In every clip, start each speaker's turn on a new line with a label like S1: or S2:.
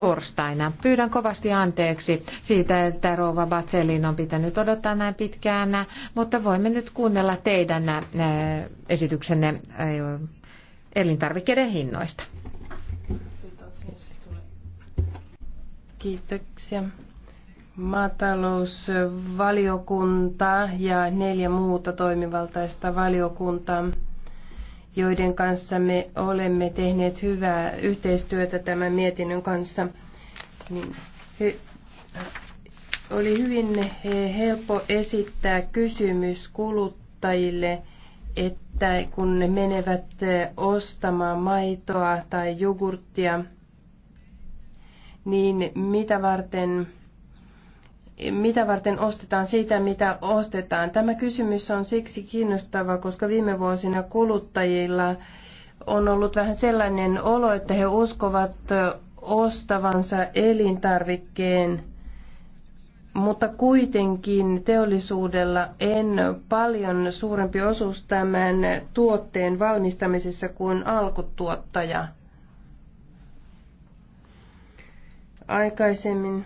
S1: torstaina. Pyydän kovasti anteeksi siitä, että Rouva Batselin on pitänyt odottaa näin pitkään, mutta voimme nyt kuunnella teidän esityksenne
S2: elintarvikkeiden hinnoista. Kiitoksia. Maatalousvaliokunta ja neljä muuta toimivaltaista valiokuntaa joiden kanssa me olemme tehneet hyvää yhteistyötä tämän mietinnön kanssa. Niin he, oli hyvin helppo esittää kysymys kuluttajille, että kun ne menevät ostamaan maitoa tai jogurttia, niin mitä varten mitä varten ostetaan sitä, mitä ostetaan. Tämä kysymys on siksi kiinnostava, koska viime vuosina kuluttajilla on ollut vähän sellainen olo, että he uskovat ostavansa elintarvikkeen, mutta kuitenkin teollisuudella en paljon suurempi osuus tämän tuotteen valmistamisessa kuin alkutuottaja. Aikaisemmin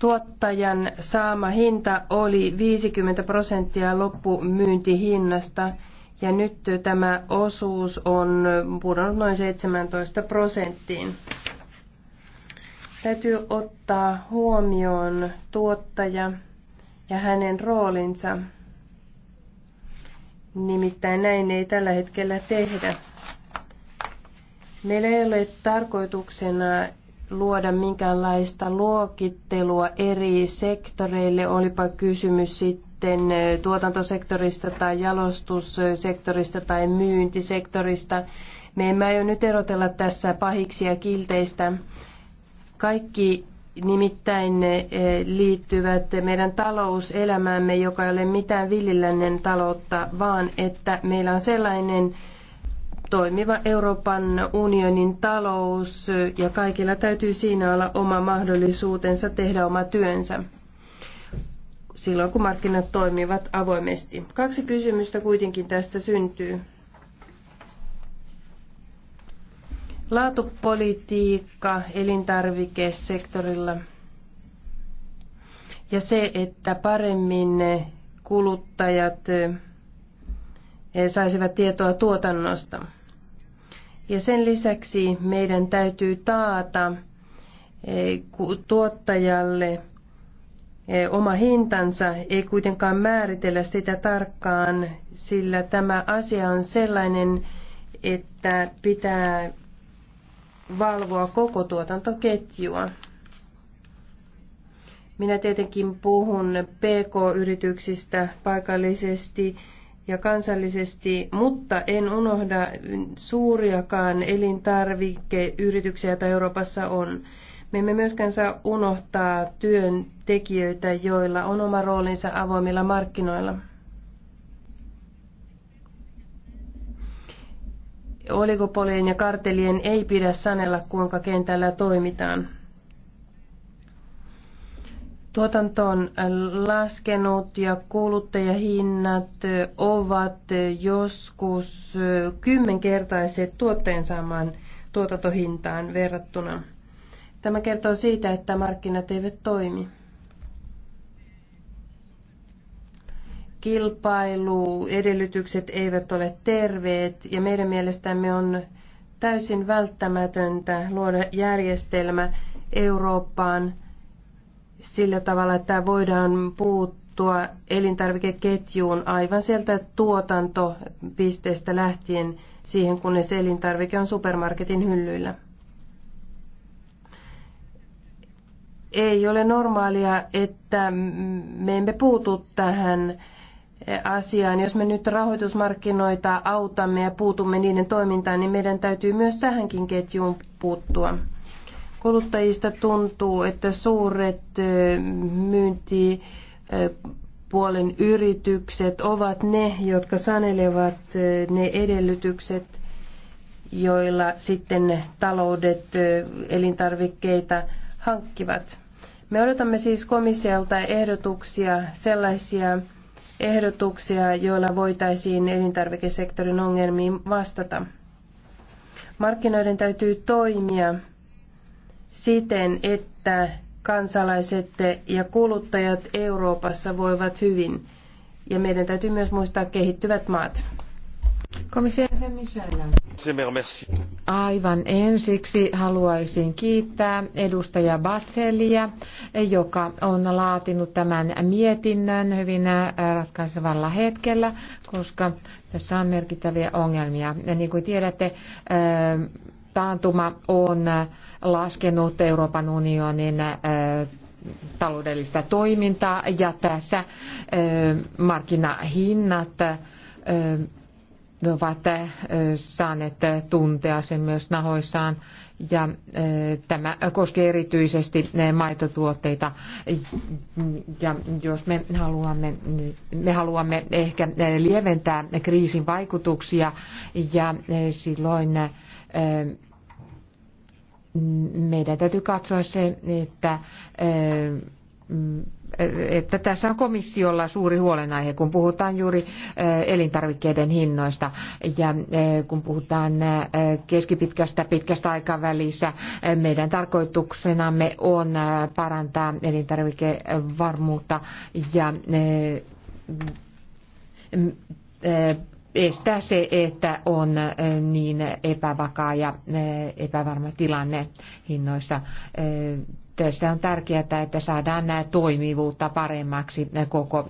S2: Tuottajan saama hinta oli 50 prosenttia loppumyyntihinnasta ja nyt tämä osuus on pudonnut noin 17 prosenttiin. Täytyy ottaa huomioon tuottaja ja hänen roolinsa. Nimittäin näin ei tällä hetkellä tehdä. Meillä ei ole tarkoituksena luoda minkäänlaista luokittelua eri sektoreille, olipa kysymys sitten tuotantosektorista tai jalostussektorista tai myyntisektorista. Me emme aio nyt erotella tässä pahiksia kilteistä. Kaikki nimittäin liittyvät meidän talouselämäämme, joka ei ole mitään villilännen taloutta, vaan että meillä on sellainen toimiva Euroopan unionin talous ja kaikilla täytyy siinä olla oma mahdollisuutensa tehdä oma työnsä silloin, kun markkinat toimivat avoimesti. Kaksi kysymystä kuitenkin tästä syntyy. Laatupolitiikka elintarvikesektorilla ja se, että paremmin kuluttajat eh, saisivat tietoa tuotannosta. Ja sen lisäksi meidän täytyy taata e, tuottajalle e, oma hintansa, ei kuitenkaan määritellä sitä tarkkaan, sillä tämä asia on sellainen, että pitää valvoa koko tuotantoketjua. Minä tietenkin puhun PK-yrityksistä paikallisesti ja kansallisesti, mutta en unohda suuriakaan elintarvikeyrityksiä, joita Euroopassa on. Me emme myöskään saa unohtaa työntekijöitä, joilla on oma roolinsa avoimilla markkinoilla. Oligopolien ja kartelien ei pidä sanella, kuinka kentällä toimitaan tuotanto on laskenut ja kuluttajahinnat ovat joskus kymmenkertaiset tuotteen saamaan tuotantohintaan verrattuna. Tämä kertoo siitä, että markkinat eivät toimi. Kilpailuedellytykset eivät ole terveet ja meidän mielestämme on täysin välttämätöntä luoda järjestelmä Eurooppaan – sillä tavalla, että voidaan puuttua elintarvikeketjuun aivan sieltä tuotantopisteestä lähtien siihen, kunnes elintarvike on supermarketin hyllyillä. Ei ole normaalia, että me emme puutu tähän asiaan. Jos me nyt rahoitusmarkkinoita autamme ja puutumme niiden toimintaan, niin meidän täytyy myös tähänkin ketjuun puuttua. Kuluttajista tuntuu, että suuret myyntipuolen yritykset ovat ne, jotka sanelevat ne edellytykset, joilla sitten taloudet elintarvikkeita hankkivat. Me odotamme siis komissiolta ehdotuksia, sellaisia ehdotuksia, joilla voitaisiin elintarvikesektorin ongelmiin vastata. Markkinoiden täytyy toimia siten, että kansalaiset ja kuluttajat Euroopassa voivat hyvin. Ja meidän täytyy myös muistaa kehittyvät maat. Aivan ensiksi
S1: haluaisin kiittää edustaja Batselia, joka on laatinut tämän mietinnön hyvin ratkaisevalla hetkellä, koska tässä on merkittäviä ongelmia. Ja niin kuin tiedätte, taantuma on äh, laskenut Euroopan unionin äh, taloudellista toimintaa ja tässä äh, markkinahinnat ovat eh, saaneet eh, tuntea sen myös nahoissaan. Ja eh, tämä koskee erityisesti maitotuotteita. Ja jos me haluamme, me haluamme ehkä lieventää kriisin vaikutuksia ja silloin meidän täytyy katsoa se, että että tässä on komissiolla suuri huolenaihe, kun puhutaan juuri elintarvikkeiden hinnoista ja kun puhutaan keskipitkästä pitkästä aikavälissä. Meidän tarkoituksenamme on parantaa elintarvikevarmuutta ja estää se, että on äh, niin epävakaa ja äh, epävarma tilanne hinnoissa. Äh, tässä on tärkeää, että saadaan nämä toimivuutta paremmaksi koko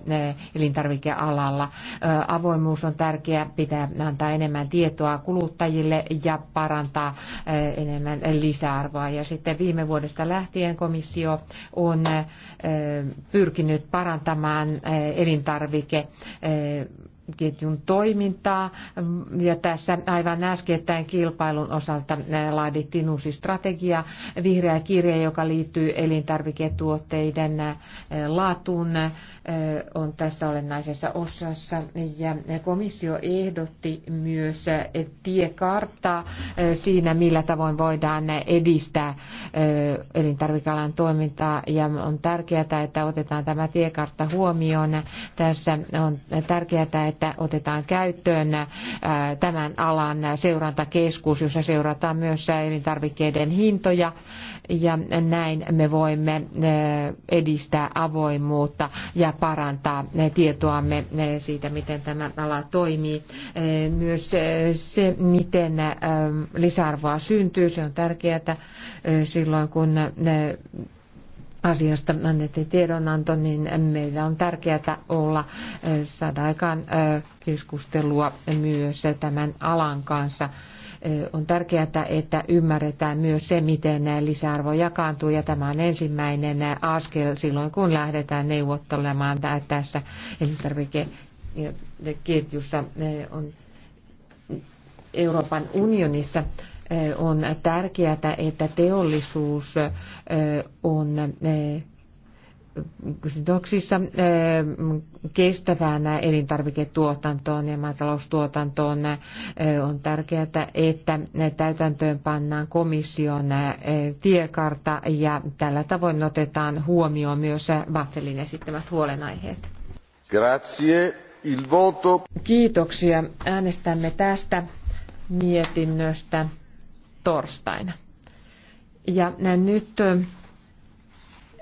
S1: elintarvikealalla. Avoimuus on tärkeää, pitää antaa enemmän tietoa kuluttajille ja parantaa enemmän lisäarvoa. Ja sitten viime vuodesta lähtien komissio on pyrkinyt parantamaan elintarvike ketjun toimintaa. Ja tässä aivan äskettäin kilpailun osalta eh, laadittiin uusi strategia, vihreä kirja, joka liittyy elintarviketuotteiden eh, laatuun on tässä olennaisessa osassa. Ja komissio ehdotti myös tiekarttaa siinä, millä tavoin voidaan edistää elintarvikalan toimintaa. Ja on tärkeää, että otetaan tämä tiekartta huomioon. Tässä on tärkeää, että otetaan käyttöön tämän alan seurantakeskus, jossa seurataan myös elintarvikkeiden hintoja. Ja näin me voimme edistää avoimuutta ja parantaa tietoamme siitä, miten tämä ala toimii. Myös se, miten lisäarvoa syntyy, se on tärkeää silloin, kun asiasta annettiin tiedonanto, niin meillä on tärkeää olla saada aikaan keskustelua myös tämän alan kanssa. On tärkeää, että ymmärretään myös se, miten lisäarvo jakaantuu ja tämä on ensimmäinen askel silloin, kun lähdetään neuvottelemaan tässä elintarvikeketjussa on Euroopan unionissa on tärkeää, että teollisuus on sidoksissa eh, kestävään elintarviketuotantoon ja maataloustuotantoon eh, on tärkeää, että täytäntöön pannaan komission eh, tiekarta ja tällä tavoin otetaan huomioon myös Vatselin esittämät huolenaiheet.
S2: Grazie. Il voto.
S1: Kiitoksia. Äänestämme tästä mietinnöstä torstaina. Ja nyt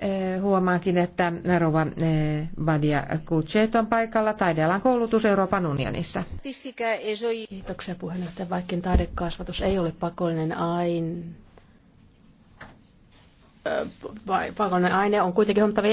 S1: Eh, huomaankin, että Rova eh, Badia Kutset on paikalla taidealan koulutus Euroopan unionissa. Kiitoksia puheenjohtaja. Vaikkin taidekasvatus ei ole pakollinen aine,
S2: eh,
S1: pakollinen aine on kuitenkin huomattavia